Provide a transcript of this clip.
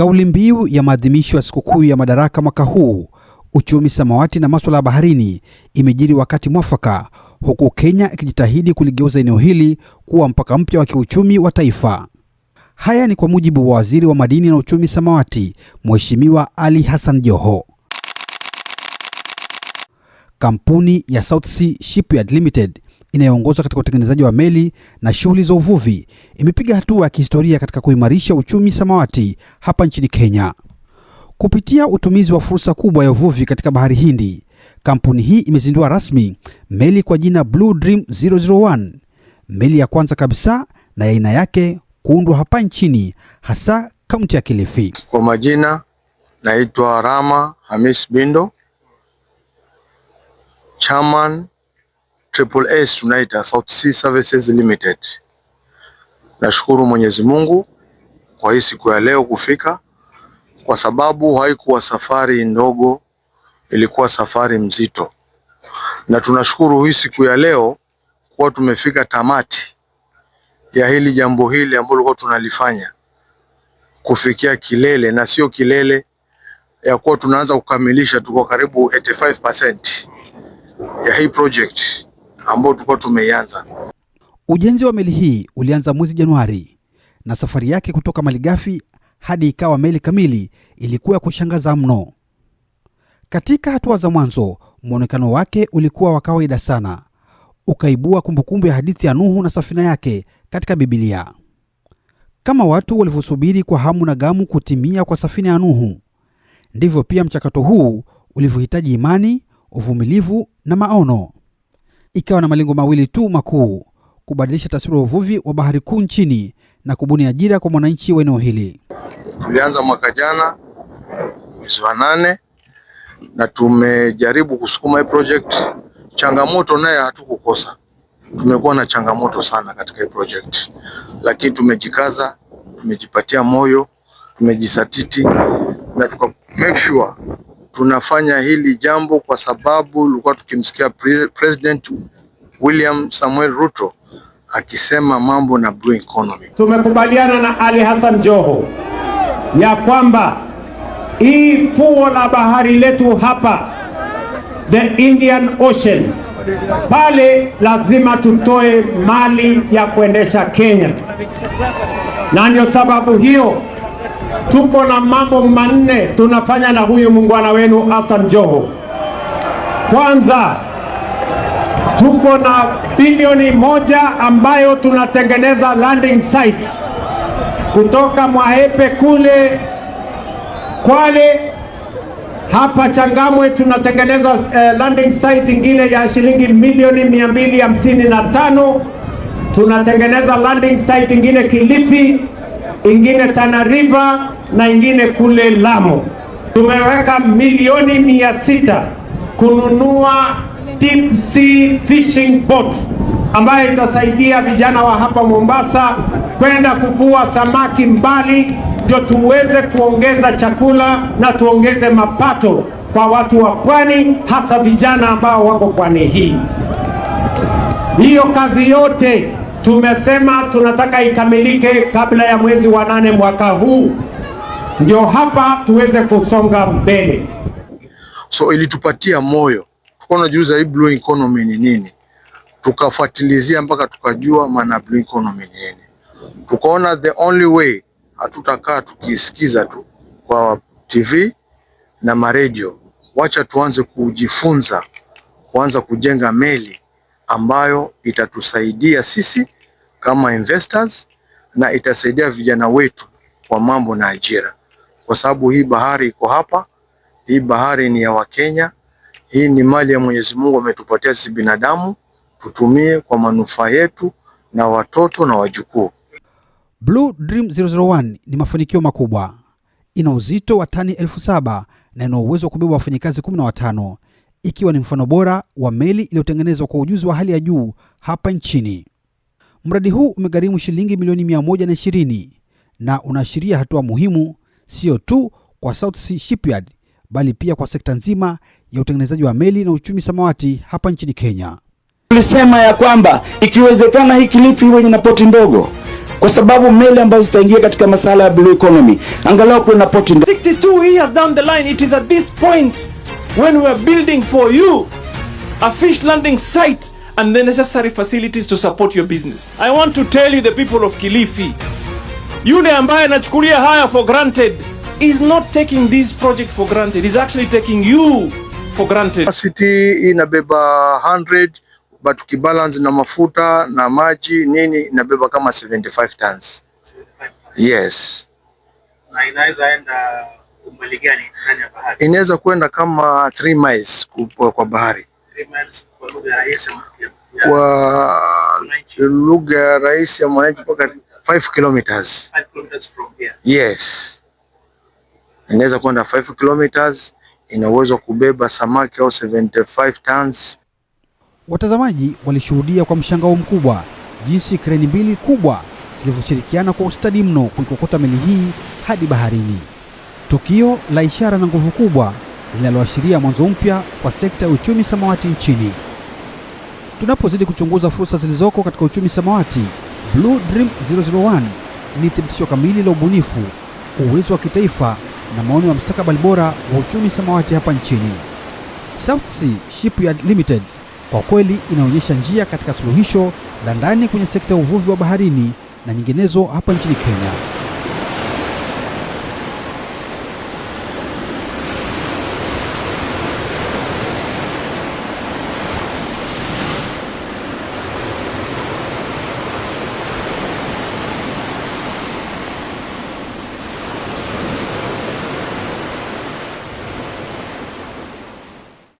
Kauli mbiu ya maadhimisho ya sikukuu ya Madaraka mwaka huu, uchumi samawati na maswala ya baharini, imejiri wakati mwafaka, huku Kenya ikijitahidi kuligeuza eneo hili kuwa mpaka mpya wa kiuchumi wa taifa. Haya ni kwa mujibu wa waziri wa madini na uchumi samawati, Mheshimiwa Ali Hassan Joho. Kampuni ya South Sea Shipyard Limited inayoongozwa katika utengenezaji wa meli na shughuli za uvuvi imepiga hatua ya kihistoria katika kuimarisha uchumi samawati hapa nchini Kenya. Kupitia utumizi wa fursa kubwa ya uvuvi katika bahari Hindi, kampuni hii imezindua rasmi meli kwa jina Blue Dream 001, meli ya kwanza kabisa na ya aina yake kuundwa hapa nchini, hasa kaunti ya Kilifi. Kwa majina naitwa Rama Hamis Bindo, chairman Triple S tunaita South Sea Services Limited. Nashukuru Mwenyezi Mungu kwa hii siku ya leo kufika, kwa sababu haikuwa safari ndogo, ilikuwa safari mzito, na tunashukuru hii siku ya leo kuwa tumefika tamati ya hili jambo hili ambalo tulikuwa tunalifanya kufikia kilele, na sio kilele ya kuwa tunaanza kukamilisha, tuko karibu 85% ya hii project ambao tulikuwa tumeianza. Ujenzi wa meli hii ulianza mwezi Januari na safari yake kutoka malighafi hadi ikawa meli kamili ilikuwa ya kushangaza mno. Katika hatua za mwanzo, mwonekano wake ulikuwa wa kawaida sana, ukaibua kumbukumbu ya hadithi ya Nuhu na safina yake katika Bibilia. Kama watu walivyosubiri kwa hamu na gamu kutimia kwa safina ya Nuhu, ndivyo pia mchakato huu ulivyohitaji imani, uvumilivu na maono ikawa na malengo mawili tu makuu: kubadilisha taswira ya uvuvi wa Bahari Kuu nchini na kubuni ajira kwa mwananchi wa eneo hili. Tulianza mwaka jana mwezi wa nane na tumejaribu kusukuma hii project. Changamoto naye hatukukosa, tumekuwa na changamoto sana katika hii project, lakini tumejikaza, tumejipatia moyo, tumejisatiti na tuka make sure tunafanya hili jambo kwa sababu tulikuwa tukimsikia President William Samuel Ruto akisema mambo na blue economy. Tumekubaliana na Ali Hassan Joho ya kwamba hii fuo la bahari letu hapa the Indian Ocean pale lazima tutoe mali ya kuendesha Kenya, na ndio sababu hiyo tuko na mambo manne tunafanya na huyu mungwana wenu Hassan Joho. Kwanza, tuko na bilioni moja ambayo tunatengeneza landing sites kutoka Mwahepe kule Kwale hapa Changamwe tunatengeneza uh, landing site ingine ya shilingi milioni mia tano. Tunatengeneza landing site ingine Kilifi ingine Tana River na ingine kule Lamu. Tumeweka milioni mia sita kununua deep sea fishing boats ambayo itasaidia vijana wa hapa Mombasa kwenda kuvua samaki mbali, ndio tuweze kuongeza chakula na tuongeze mapato kwa watu wa pwani, hasa vijana ambao wako pwani hii. Hiyo kazi yote tumesema tunataka ikamilike kabla ya mwezi wa nane mwaka huu, ndio hapa tuweze kusonga mbele. So ilitupatia moyo, za hii blue economy ni nini? Tukafuatilizia mpaka tukajua maana blue economy ni nini, tukaona the only way, hatutakaa tukisikiza tu kwa TV na maredio, wacha tuanze kujifunza, kuanza kujenga meli ambayo itatusaidia sisi kama investors na itasaidia vijana wetu kwa mambo na ajira, kwa sababu hii bahari iko hapa. Hii bahari ni ya Wakenya, hii ni mali ya Mwenyezi Mungu ametupatia sisi binadamu, tutumie kwa manufaa yetu na watoto na wajukuu. Blue Dream 001 ni mafanikio makubwa, ina uzito wa tani elfu saba na ina uwezo wa kubeba wafanyakazi 15 ikiwa ni mfano bora wa meli iliyotengenezwa kwa ujuzi wa hali ya juu hapa nchini. Mradi huu umegharimu shilingi milioni 120 na unaashiria hatua muhimu sio tu kwa South Sea Shipyard bali pia kwa sekta nzima ya utengenezaji wa meli na uchumi samawati hapa nchini Kenya. Tulisema ya kwamba ikiwezekana hii Kilifi iwe na poti ndogo kwa sababu meli ambazo zitaingia katika masala ya blue economy, angalau kuwe na poti ndogo. 62 years down the line it is at this point when we are building for you a fish landing site and the necessary facilities to support your business. I want to tell you the people of Kilifi, yule ambaye anachukulia haya for granted is not taking this project for granted. He's actually taking you for granted. Capacity inabeba 100 but tukibalance na mafuta na maji nini inabeba kama 75 tons. 75 tons. Yes. Na inaweza enda umbali gani ndani ya bahari? Inaweza kwenda kama 3 miles kwa bahari. 3 miles kwa lugha rahisi kwa lugha rahisi ya mwananchi mpaka 5 kilometers. 5 kilometers from here. Yes. Inaweza kwenda 5 kilometers, ina uwezo kubeba samaki au 75 tons. Watazamaji walishuhudia kwa mshangao mkubwa jinsi kreni mbili kubwa zilivyoshirikiana kwa ustadi mno kuikokota meli hii hadi baharini tukio la ishara na nguvu kubwa linaloashiria mwanzo mpya kwa sekta ya uchumi samawati nchini. Tunapozidi kuchunguza fursa zilizoko katika uchumi samawati, Blue Dream 001 ni thibitisho kamili la ubunifu, uwezo wa kitaifa na maono ya mustakabali bora wa uchumi samawati hapa nchini. South Sea Shipyard Limited kwa kweli inaonyesha njia katika suluhisho la ndani kwenye sekta ya uvuvi wa baharini na nyinginezo hapa nchini Kenya.